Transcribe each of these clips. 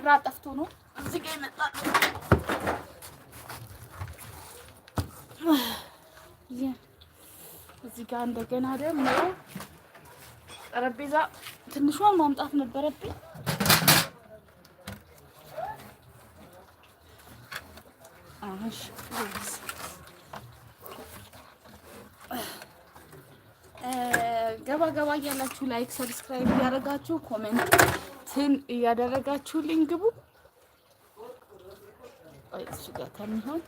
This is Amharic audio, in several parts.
መብራት ጠፍቶ ነው እዚህ ጋር የመጣው። እዚህ ጋር እንደገና ደግሞ ጠረጴዛ ትንሿን ማምጣት ነበረብኝ። ገባ ገባ እያላችሁ ላይክ፣ ሰብስክራይብ እያደረጋችሁ ኮሜንት እንትን እያደረጋችሁልኝ ግቡ። እሱ ጋር ከሚሆን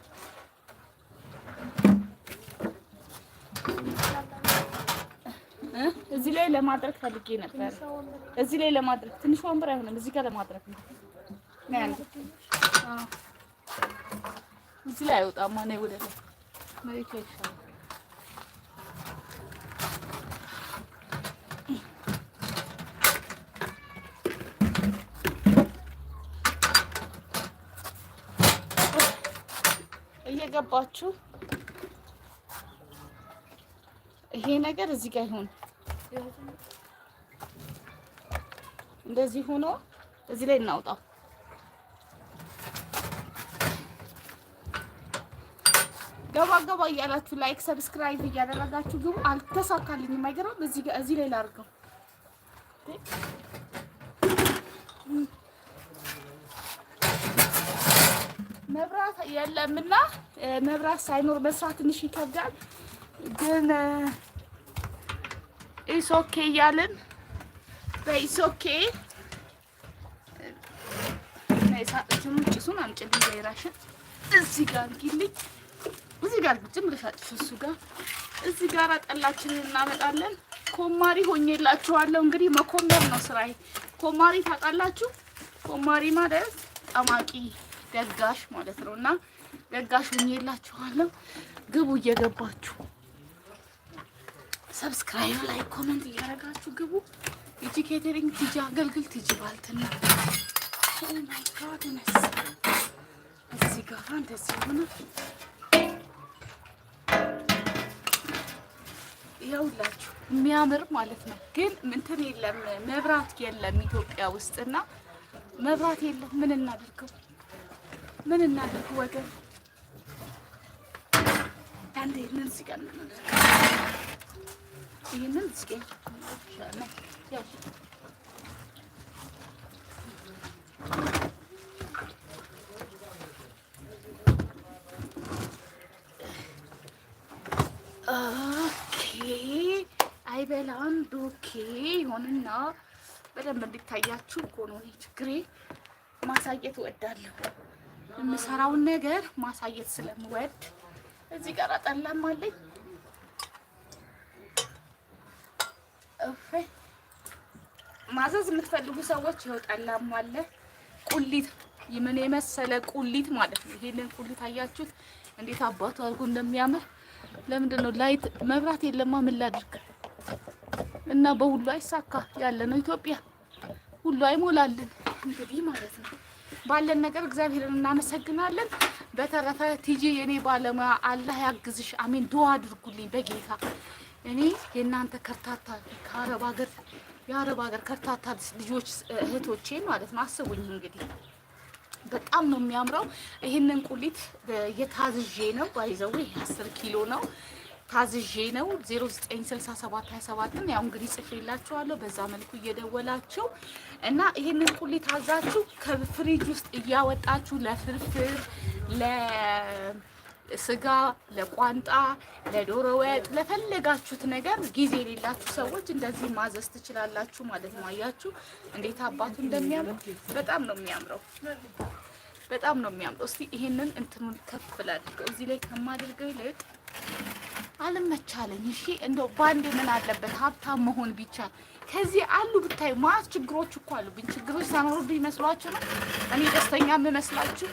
እዚህ ላይ ለማድረግ ፈልጌ ነበር። እዚህ ላይ ለማድረግ ትንሽ ወንበር አይሆንም፣ እዚህ ጋር ለማድረግ ነው። እዚህ ላይ አይወጣም። ወደ ላይ መሬት ላይ ይሻላል። እየገባችሁ ይሄ ነገር እዚህ ጋር ይሁን። እንደዚህ ሆኖ እዚህ ላይ እናውጣው። ገባ ገባ እያላችሁ ላይክ ሰብስክራይብ እያደረጋችሁ ግቡ። አልተሳካልኝም። አይገርም። እዚህ ላይ ላድርገው። መብራት የለምና መብራት ሳይኖር መስራት ትንሽ ይከብዳል፣ ግን ኢሶኬ እያልን በኢሶኬ ጭሱን ዘይራሽን እዚህ ጋር አድርጊልኝ። እዚህ ጋር ብጭም ልሻጭሽ እሱ ጋር እዚህ ጋር ጠላችንን እናመጣለን። ኮማሪ ሆኜላችኋለሁ። እንግዲህ መኮመር ነው ስራዬ። ኮማሪ ታውቃላችሁ። ኮማሪ ማለት ጠማቂ ገጋሽ ማለት ነው እና ለጋሽ ሆኜላችኋለሁ። ግቡ እየገባችሁ ሰብስክራይብ ላይ ኮመንት እያደረጋችሁ ግቡ። ቲጂ ኬተሪንግ፣ ቲጂ አገልግል፣ ቲጂ ባልትና ነስ እዚህ ጋር እንደዚህ ሆነ። ይኸውላችሁ የሚያምር ማለት ነው። ግን እንትን የለም መብራት የለም ኢትዮጵያ ውስጥና መብራት የለም ምን እናደርገው? ምን እናደርግ ወገን? አንዴ ምን ሲቀን ይህንን ሲቀኝ አይበላም ዶኬ ይሆንና በደንብ እንዲታያችሁ ችግሬ ማሳየት እወዳለሁ። የምሰራውን ነገር ማሳየት ስለምወድ እዚህ ጋር ጠላም አለኝ። ማዘዝ የምትፈልጉ ሰዎች ይኸው ጠላም አለ። ቁሊት ምን የመሰለ ቁሊት ማለት ነው። ይሄንን ቁሊት አያችሁት እንዴት አባቱ አድርጎ እንደሚያምር። ለምንድን ነው ላይት መብራት የለማ ምን ላድርግ እና በሁሉ አይሳካ ያለ ነው ኢትዮጵያ ሁሉ አይሞላልን እንግዲህ ማለት ነው። ባለን ነገር እግዚአብሔርን እናመሰግናለን። በተረፈ ቲጂ የእኔ ባለሙያ አላህ ያግዝሽ፣ አሜን። ዱዓ አድርጉልኝ በጌታ እኔ የእናንተ ከርታታ ከአረብ ሀገር የአረብ ሀገር ከርታታ ልጆች እህቶቼ ማለት ነው። አስቡኝ እንግዲህ በጣም ነው የሚያምረው። ይህንን ቁሊት የታዝዤ ነው ባይዘው፣ አስር ኪሎ ነው ታዝዤ ነው 096727ም ያው እንግዲህ ጽፌላችኋለሁ። በዛ መልኩ እየደወላችሁ እና ይህንን ቁሌ ታዛችሁ ከፍሪጅ ውስጥ እያወጣችሁ ለፍርፍር፣ ለ ስጋ ለቋንጣ፣ ለዶሮ ወጥ፣ ለፈለጋችሁት ነገር ጊዜ የሌላችሁ ሰዎች እንደዚህ ማዘዝ ትችላላችሁ ማለት ነው። አያችሁ እንዴት አባቱ እንደሚያምር በጣም ነው የሚያምረው። በጣም ነው የሚያምረው። እስቲ ይሄንን እንትኑን ከፍ ላድርገው እዚህ ላይ ከማድርገው ይልቅ አልመቻለኝ። እሺ እንደው ባንድ ምን አለበት ሀብታም መሆን ቢቻል። ከዚህ አሉ ብታይ ማት ችግሮች እኮ አሉብኝ። ችግሮች ሳኖሩብኝ ይመስሏችሁ ነው እኔ ደስተኛ የምመስላችሁ?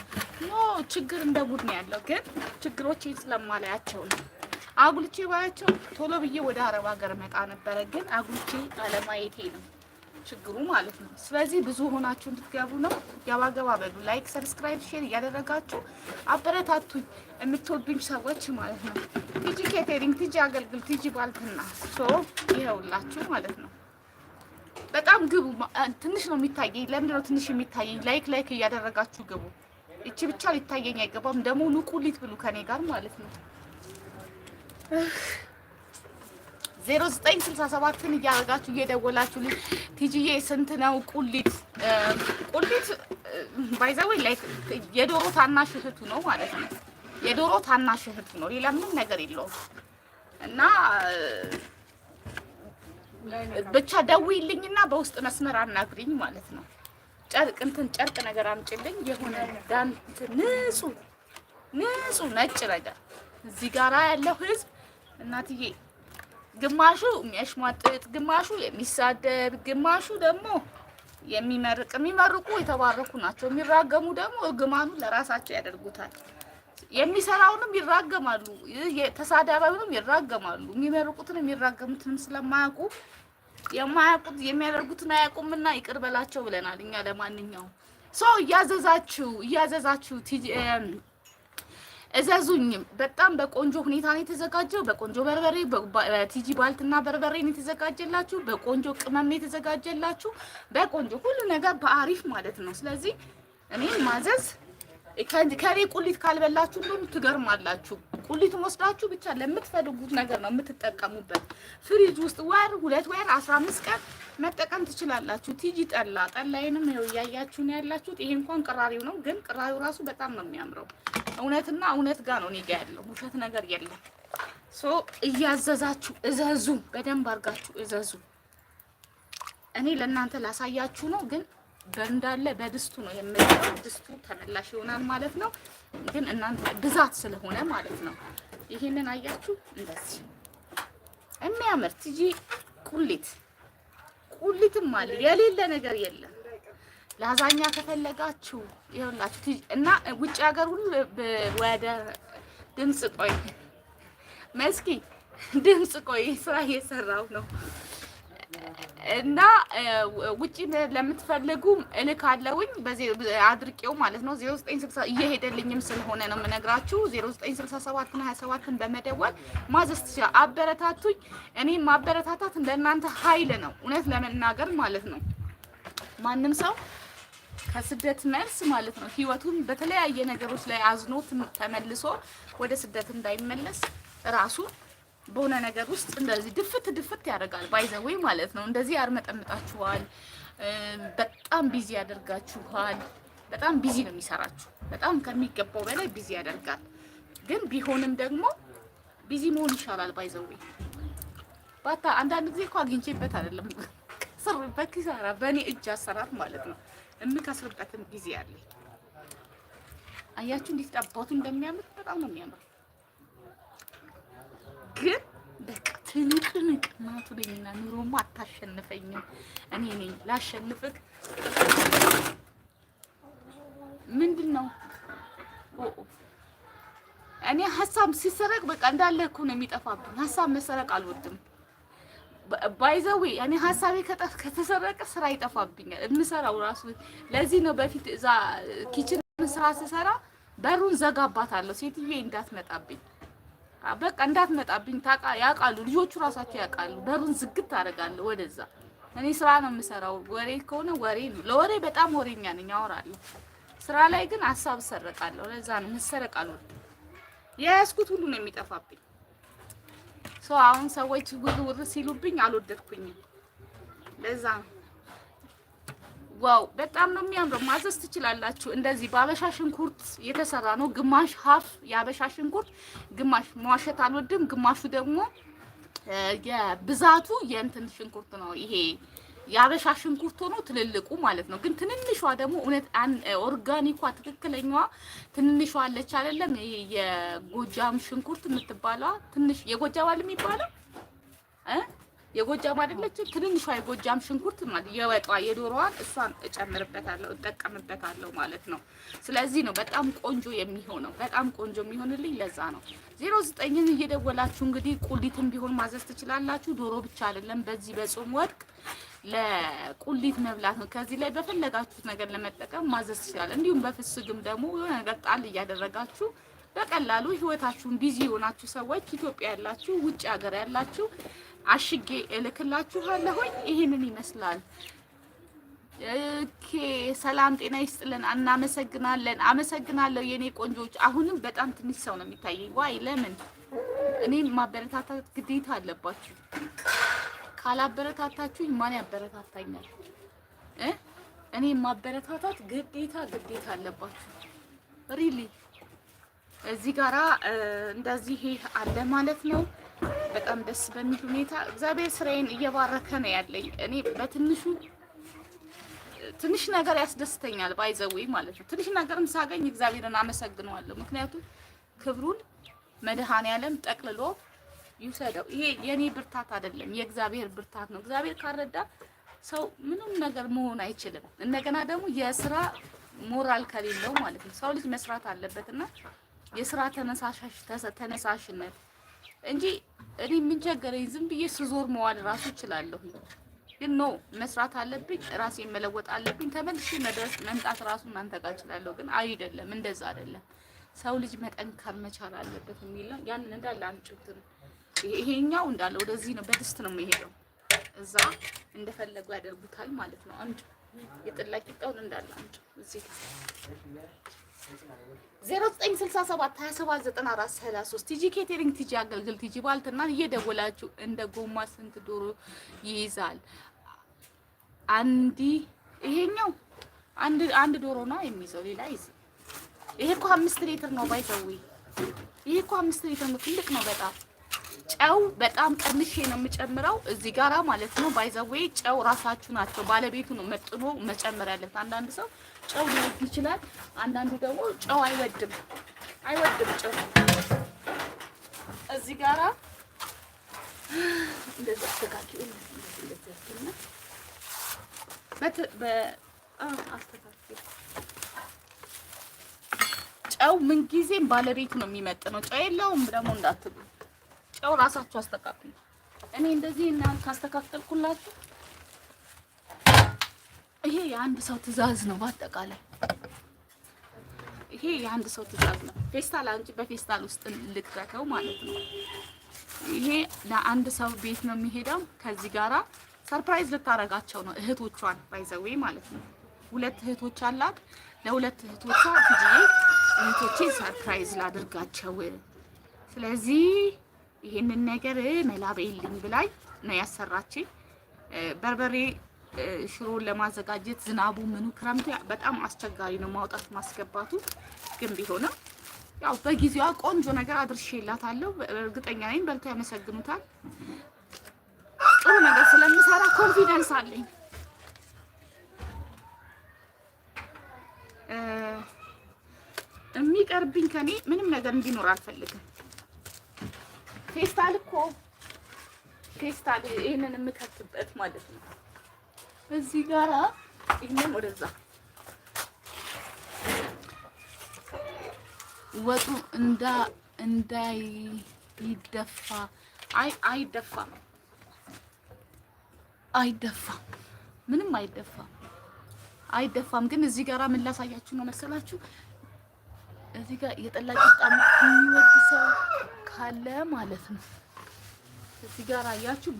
ኖ ችግር እንደ ቡድን ነው ያለው። ግን ችግሮች ስለማላያቸው ነው። አጉልቼ ባያቸው ቶሎ ብዬ ወደ አረብ ሀገር መጣ ነበረ። ግን አጉልቼ አለማየቴ ነው ችግሩ ማለት ነው። ስለዚህ ብዙ ሆናችሁ እንድትገቡ ነው። ገባገባ በሉ። ላይክ፣ ሰብስክራይብ፣ ሼር እያደረጋችሁ አበረታቱኝ የምትወዱኝ ሰዎች ማለት ነው። ቲጂ ኬቴሪንግ፣ ቲጂ አገልግል፣ ቲጂ ባልትና ሶ ይኸውላችሁ ማለት ነው። በጣም ግቡ። ትንሽ ነው የሚታየኝ። ለምንድን ነው ትንሽ የሚታየኝ? ላይክ ላይክ እያደረጋችሁ ግቡ። እቺ ብቻ ሊታየኝ አይገባም። ደግሞ ንቁሊት ብሉ ከኔ ጋር ማለት ነው። 0967ን እያደረጋችሁ እየደወላችሁ ልጅ ቲጂዬ ስንት ነው ቁሊት ቁሊት ባይዘዌ ላይክ የዶሮ ታናሽ እህቱ ነው ማለት ነው። የዶሮ ታናሽ እህቱ ነው። ሌላ ምንም ነገር የለውም እና ብቻ ደውይልኝና በውስጥ መስመር አናግሪኝ ማለት ነው። ጨርቅ እንትን ጨርቅ ነገር አምጪልኝ የሆነ ዳን ንጹህ ንጹህ ነጭ ነገር እዚህ ጋራ ያለው ህዝብ እናትዬ ግማሹ የሚያሽሟጥጥ፣ ግማሹ የሚሳደብ፣ ግማሹ ደግሞ የሚመርቅ። የሚመርቁ የተባረኩ ናቸው። የሚራገሙ ደግሞ እርግማኑ ለራሳቸው ያደርጉታል። የሚሰራውንም ይራገማሉ፣ ተሳዳባዊንም ይራገማሉ። የሚመርቁትን የሚራገሙትንም ስለማያውቁ የማያውቁት የሚያደርጉትን አያውቁምና ይቅር በላቸው ብለናል እኛ። ለማንኛውም ሰው እያዘዛችሁ እያዘዛችሁ እዘዙኝም። በጣም በቆንጆ ሁኔታ ነው የተዘጋጀው። በቆንጆ በርበሬ፣ በቲጂ ባልትና በርበሬ ነው የተዘጋጀላችሁ። በቆንጆ ቅመም ነው የተዘጋጀላችሁ። በቆንጆ ሁሉ ነገር በአሪፍ ማለት ነው። ስለዚህ እኔ ማዘዝ ከኔ ቁሊት ካልበላችሁ ሁሉ ትገርማላችሁ። ቁሊቱን ወስዳችሁ ብቻ ለምትፈልጉት ነገር ነው የምትጠቀሙበት። ፍሪጅ ውስጥ ወር ሁለት ወር አስራ አምስት ቀን መጠቀም ትችላላችሁ። ቲጂ ጠላ ጠላዬንም ይኸው እያያችሁ ነው ያላችሁት። ይሄ እንኳን ቅራሪው ነው፣ ግን ቅራሪው ራሱ በጣም ነው የሚያምረው። እውነትና እውነት ጋር ነው እኔ ጋ ያለው ውሸት ነገር የለም። ሶ እያዘዛችሁ እዘዙ፣ በደንብ አድርጋችሁ እዘዙ። እኔ ለእናንተ ላሳያችሁ ነው፣ ግን በእንዳለ በድስቱ ነው የምለው። ድስቱ ተመላሽ ይሆናል ማለት ነው፣ ግን እናንተ ብዛት ስለሆነ ማለት ነው። ይሄንን አያችሁ፣ እንደዚህ የሚያምር ትጂ ቁሊት ቁሊትም አለ፣ የሌለ ነገር የለም። ላዛኛ ከፈለጋችሁ ይኸውላችሁ እና ውጭ ሀገር ሁሉ ወደ ድምፅ ቆይ መስኪ ድምፅ ቆይ ስራ እየሰራው ነው እና ውጭ ለምትፈልጉ እልክ አለውኝ አድርቄው ማለት ነው። 0960 እየሄደልኝም ስለሆነ ነው የምነግራችሁ። 0967 እና 27 በመደወል ማዘዝ ትችላላችሁ። አበረታቱኝ። እኔ ማበረታታት ለእናንተ ሀይል ነው፣ እውነት ለመናገር ማለት ነው። ማንም ሰው ከስደት መልስ ማለት ነው ህይወቱን በተለያየ ነገሮች ላይ አዝኖ ተመልሶ ወደ ስደት እንዳይመለስ ራሱ በሆነ ነገር ውስጥ እንደዚህ ድፍት ድፍት ያደርጋል። ባይዘወይ ማለት ነው እንደዚህ ያርመጠምጣችኋል። በጣም ቢዚ ያደርጋችኋል። በጣም ቢዚ ነው የሚሰራችሁ። በጣም ከሚገባው በላይ ቢዚ ያደርጋል። ግን ቢሆንም ደግሞ ቢዚ መሆን ይሻላል። ባይዘወይ ባታ አንዳንድ ጊዜ እኮ አግኝቼበት አይደለም ስር በኪሳራ በእኔ እጅ አሰራር ማለት ነው የምከስርበትም ጊዜ አለኝ። አያችሁ እንዴት ዳቦቱ እንደሚያምር በጣም ነው የሚያምር። ግን በቃ ትንቅንቅ እናቱ ነኝና ኑሮማ አታሸንፈኝም። እኔ ነኝ ላሸንፍክ። ምንድን ነው እኔ ሀሳብ ሲሰረቅ በቃ እንዳለ እኮ ነው የሚጠፋብኝ። ሀሳብ መሰረቅ አልወድም። ባይዘዌ እኔ ሀሳቤ ከተሰረቀ ስራ ይጠፋብኛል። የምሰራው ራሱ ለዚህ ነው። በፊት እዛ ኪችን ስራ ስሰራ በሩን ዘጋባታለሁ፣ ሴትዮ እንዳትመጣብኝ፣ በቃ እንዳትመጣብኝ። ያውቃሉ ልጆቹ ራሳቸው ያውቃሉ። በሩን ዝግት አደርጋለሁ ወደዛ። እኔ ስራ ነው የምሰራው። ወሬ ከሆነ ወሬ ነው። ለወሬ በጣም ወሬኛ ነኝ፣ አወራለሁ። ስራ ላይ ግን ሀሳብ እሰረቃለሁ። ለዛ ነው መሰረቃለሁ። የያዝኩት ሁሉ ነው የሚጠፋብኝ። ሰው አሁን ሰዎች ውር ውር ሲሉብኝ አልወደድኩኝም። ለዛ ዋው በጣም ነው የሚያምረው። ማዘዝ ትችላላችሁ። እንደዚህ በአበሻ ሽንኩርት የተሰራ ነው። ግማሽ ሀፍ የአበሻ ሽንኩርት ግማሽ መዋሸት አልወድም። ግማሹ ደግሞ የብዛቱ የእንትን ሽንኩርት ነው ይሄ የአበሻ ሽንኩርት ሆኖ ትልልቁ ማለት ነው። ግን ትንንሿ ደግሞ እውነት ኦርጋኒኳ ትክክለኛዋ ትንንሿ አለች አይደለም? የጎጃም ሽንኩርት የምትባለዋ ትንሽ የጎጃም አለ የሚባለው የጎጃም አይደለች? ትንንሿ የጎጃም ሽንኩርት ማለት የወጧ የዶሮዋን እሷን እጨምርበታለሁ እጠቀምበታለሁ ማለት ነው። ስለዚህ ነው በጣም ቆንጆ የሚሆነው። በጣም ቆንጆ የሚሆንልኝ ለዛ ነው። ዜሮ ዘጠኝን እየደወላችሁ እንግዲህ ቁሊትም ቢሆን ማዘዝ ትችላላችሁ። ዶሮ ብቻ አይደለም በዚህ በጾም ወድቅ ለቁሊት መብላት ነው። ከዚህ ላይ በፈለጋችሁት ነገር ለመጠቀም ማዘዝ ይችላል። እንዲሁም በፍስግም ደግሞ የሆነ ነገር ጣል እያደረጋችሁ በቀላሉ ህይወታችሁን ቢዚ የሆናችሁ ሰዎች ኢትዮጵያ ያላችሁ፣ ውጭ ሀገር ያላችሁ አሽጌ እልክላችኋለሁኝ። ይህንን ይመስላል። ኦኬ፣ ሰላም ጤና ይስጥልን። እናመሰግናለን። አመሰግናለሁ የኔ ቆንጆች። አሁንም በጣም ትንሽ ሰው ነው የሚታየኝ። ዋይ ለምን እኔም ማበረታታት ግዴታ አለባችሁ። ካላበረታታችሁኝ ማን ያበረታታኛል? እኔ ማበረታታት ግዴታ ግዴታ አለባችሁ። ሪሊ እዚህ ጋራ እንደዚህ አለ ማለት ነው። በጣም ደስ በሚል ሁኔታ እግዚአብሔር ስራዬን እየባረከ ነው ያለኝ። እኔ በትንሹ ትንሽ ነገር ያስደስተኛል፣ ባይዘዌ ማለት ነው። ትንሽ ነገርም ሳገኝ እግዚአብሔርን አመሰግነዋለሁ። ምክንያቱም ክብሩን መድሃን ያለም ጠቅልሎ ይውሰደው። ይሄ የኔ ብርታት አይደለም፣ የእግዚአብሔር ብርታት ነው። እግዚአብሔር ካረዳ ሰው ምንም ነገር መሆን አይችልም። እንደገና ደግሞ የስራ ሞራል ከሌለው ማለት ነው። ሰው ልጅ መስራት አለበትና የስራ ተነሳሽ ተነሳሽነት እንጂ እኔ ምን ቸገረኝ ዝም ብዬ ስዞር መዋል ራሱ እችላለሁ። ግን ኖ መስራት አለብኝ፣ ራሴ መለወጥ አለብኝ፣ ተመልሼ መድረስ መምጣት ራሱ እናንተ ጋር እችላለሁ። ግን አይደለም፣ እንደዛ አይደለም። ሰው ልጅ መጠንከር መቻል አለበት የሚለው ያንን እንዳለ አንጭትን ይሄኛው እንዳለ ወደዚህ ነው፣ በድስት ነው የሚሄደው። እዛ እንደፈለጉ ያደርጉታል ማለት ነው። አንድ የጥላቂ ጣውን እንዳለ አንድ እዚህ 0967 2794 ቲጂ ኬቴሪንግ ቲጂ አገልግል፣ ቲጂ ባልትና እየደወላችሁ እንደ ጎማ ስንት ዶሮ ይይዛል? አንዲ ይሄኛው አንድ አንድ ዶሮ ነው የሚይዘው። ሌላ ይዝ ይሄ እኮ አምስት ሊትር ነው ባይተዊ ይሄ እኮ አምስት ሊትር ነው። ትልቅ ነው በጣም ጨው በጣም ቀንሼ ነው የምጨምረው እዚህ ጋራ ማለት ነው። ባይዘዌ ጨው ራሳችሁ ናቸው ባለቤቱ ነው መጥኖ መጨመር ያለት። አንዳንድ ሰው ጨው ሊወድ ይችላል፣ አንዳንዱ ደግሞ ጨው አይወድም አይወድም ጨው እዚህ ጋራ ጨው ምን ጊዜም ባለቤቱ ነው የሚመጥ ነው። ጨው የለውም ደግሞ እንዳትሉ ጨው ራሳችሁ አስተካክሉ። እኔ እንደዚህ እናንተ ካስተካከልኩላችሁ ይሄ የአንድ ሰው ትዕዛዝ ነው። በአጠቃላይ ይሄ የአንድ ሰው ትዕዛዝ ነው። ፌስታል አንቺ በፌስታል ውስጥ ልትከተው ማለት ነው። ይሄ ለአንድ ሰው ቤት ነው የሚሄደው። ከዚህ ጋራ ሰርፕራይዝ ልታረጋቸው ነው እህቶቿን ባይዘዌ ማለት ነው። ሁለት እህቶች አላት። ለሁለት እህቶቿ እህቶቼ ሰርፕራይዝ ላድርጋቸው። ስለዚህ ይሄንን ነገር መላበይልኝ ብላይ ነው ያሰራችኝ። በርበሬ ሽሮን ለማዘጋጀት ዝናቡ ምኑ ክረምት በጣም አስቸጋሪ ነው ማውጣት ማስገባቱ። ግን ቢሆንም ያው በጊዜዋ ቆንጆ ነገር አድርሼላታለሁ። እርግጠኛ ነኝ በልቶ ያመሰግኑታል። ጥሩ ነገር ስለምሰራ ኮንፊደንስ አለኝ። የሚቀርብኝ ከኔ ምንም ነገር እንዲኖር አልፈልግም። ፌስታል እኮ ፌስታል ይሄንን የምከትበት ማለት ነው። እዚህ ጋራ ይህንን ወደዛ ወጡ እንዳ እንዳይ አይ አይደፋም፣ አይደፋም፣ ምንም አይደፋም፣ አይደፋም። ግን እዚህ ጋራ ምን ላሳያችሁ ነው መሰላችሁ እዚህ ጋር የጠላ ቂጣ የሚወድ ሰው ካለ ማለት ነው። እዚህ ጋር አያችሁ፣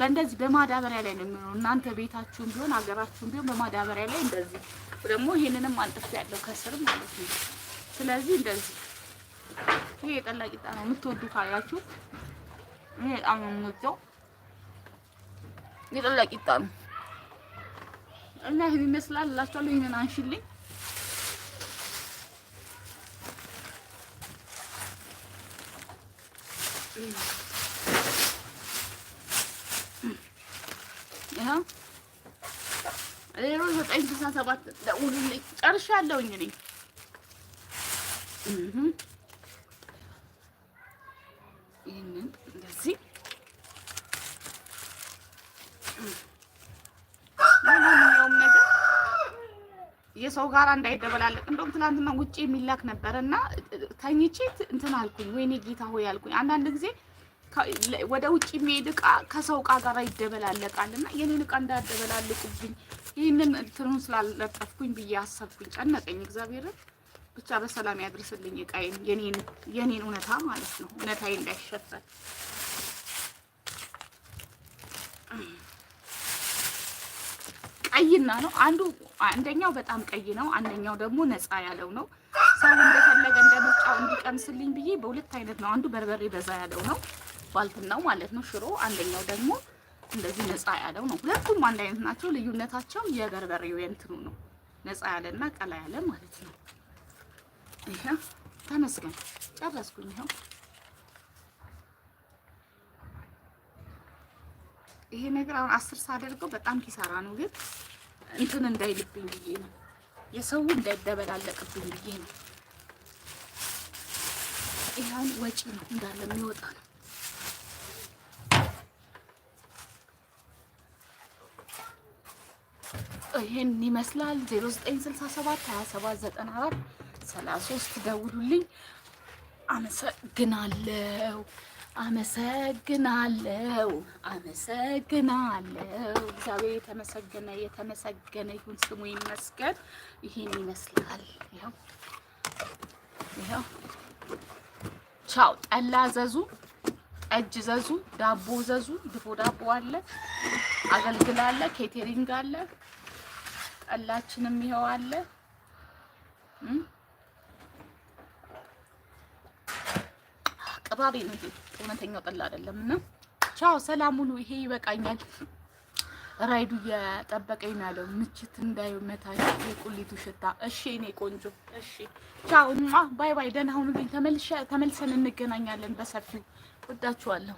በእንደዚህ በማዳበሪያ ላይ ነው የሚሆነው። እናንተ ቤታችሁም ቢሆን ሀገራችሁም ቢሆን በማዳበሪያ ላይ እንደዚህ ደግሞ ይህንንም አንጥፍ ያለው ከስር ማለት ነው። ስለዚህ እንደዚህ ይሄ የጠላ ቂጣ ነው። የምትወዱ ካላችሁ ይሄ በጣም ነው የምወደው የጠላ ቂጣ ነው እና ይህን ይመስላል እላችኋለሁ። ይህንን አንሽልኝ ይኸው ዜሮ ዘጠኝ ስልሳ ሰባት ደውሉልኝ። ጨርሻለሁኝ እኔ ይህንን እንደዚህ ነገር የሰው ጋር እንዳይደበላለቅ። እንደውም ትናንትና ውጭ የሚላክ ነበረ እና ተኝቼ እንትን አልኩኝ። ወይኔ ጌታ ሆይ አልኩኝ። አንዳንድ ጊዜ ወደ ውጭ የሚሄድ እቃ ከሰው እቃ ጋር ይደበላለቃል እና የኔን እቃ እንዳደበላልቁብኝ ይህንን እንትኑን ስላለጠፍኩኝ ብዬ አሰብኩኝ። ጨነቀኝ። እግዚአብሔርን ብቻ በሰላም ያድርስልኝ እቃዬን፣ የኔን እውነታ ማለት ነው። እውነታዬ እንዳይሸፈን ቀይና ነው አንዱ አንደኛው በጣም ቀይ ነው፣ አንደኛው ደግሞ ነፃ ያለው ነው ሰው ሽታው እንዲቀንስልኝ ብዬ በሁለት አይነት ነው። አንዱ በርበሬ በዛ ያለው ነው ባልትናው ማለት ነው ሽሮ፣ አንደኛው ደግሞ እንደዚህ ነፃ ያለው ነው። ሁለቱም አንድ አይነት ናቸው። ልዩነታቸው የበርበሬው የእንትኑ ነው፣ ነፃ ያለና ቀላ ያለ ማለት ነው። ይሄ ተመስገን ጨረስኩኝ። ይኸው ይሄ ነገር አሁን አስር ሳደርገው በጣም ኪሳራ ነው፣ ግን እንትን እንዳይልብኝ ብዬ ነው የሰው እንዳይደበላለቅብኝ ብዬ ነው። ይህን ወጪ ነው እንዳለ የሚወጣ ነው። ይህን ይመስላል 0967 27 33 ደውሉልኝ። አመሰግናለሁ አመሰግናለሁ አመሰግናለሁ። እግዚአብሔር የተመሰገነ የተመሰገነ ይሁን ስሙ ይመስገን። ይህን ይመስላል። ይኸው ይኸው ቻው። ጠላ ዘዙ፣ ጠጅ ዘዙ፣ ዳቦ ዘዙ። ድፎ ዳቦ አለ፣ አገልግል አለ፣ ኬቴሪንግ አለ። ጠላችንም ይኸው አለ። ቅባቤ ነው። እውነተኛው ጠላ አይደለም እና ቻው፣ ሰላም ሁኑ። ይሄ ይበቃኛል። ራይዱ እያጠበቀኝ ነው ያለው። ምችት እንዳይመታሽ የቁሊቱ ሽታ። እሺ እኔ ቆንጆ፣ እሺ ቻው፣ ባይ ባይ፣ ደህና ሁኑልኝ። ተመልሰን እንገናኛለን በሰፊው። ወዳችኋለሁ።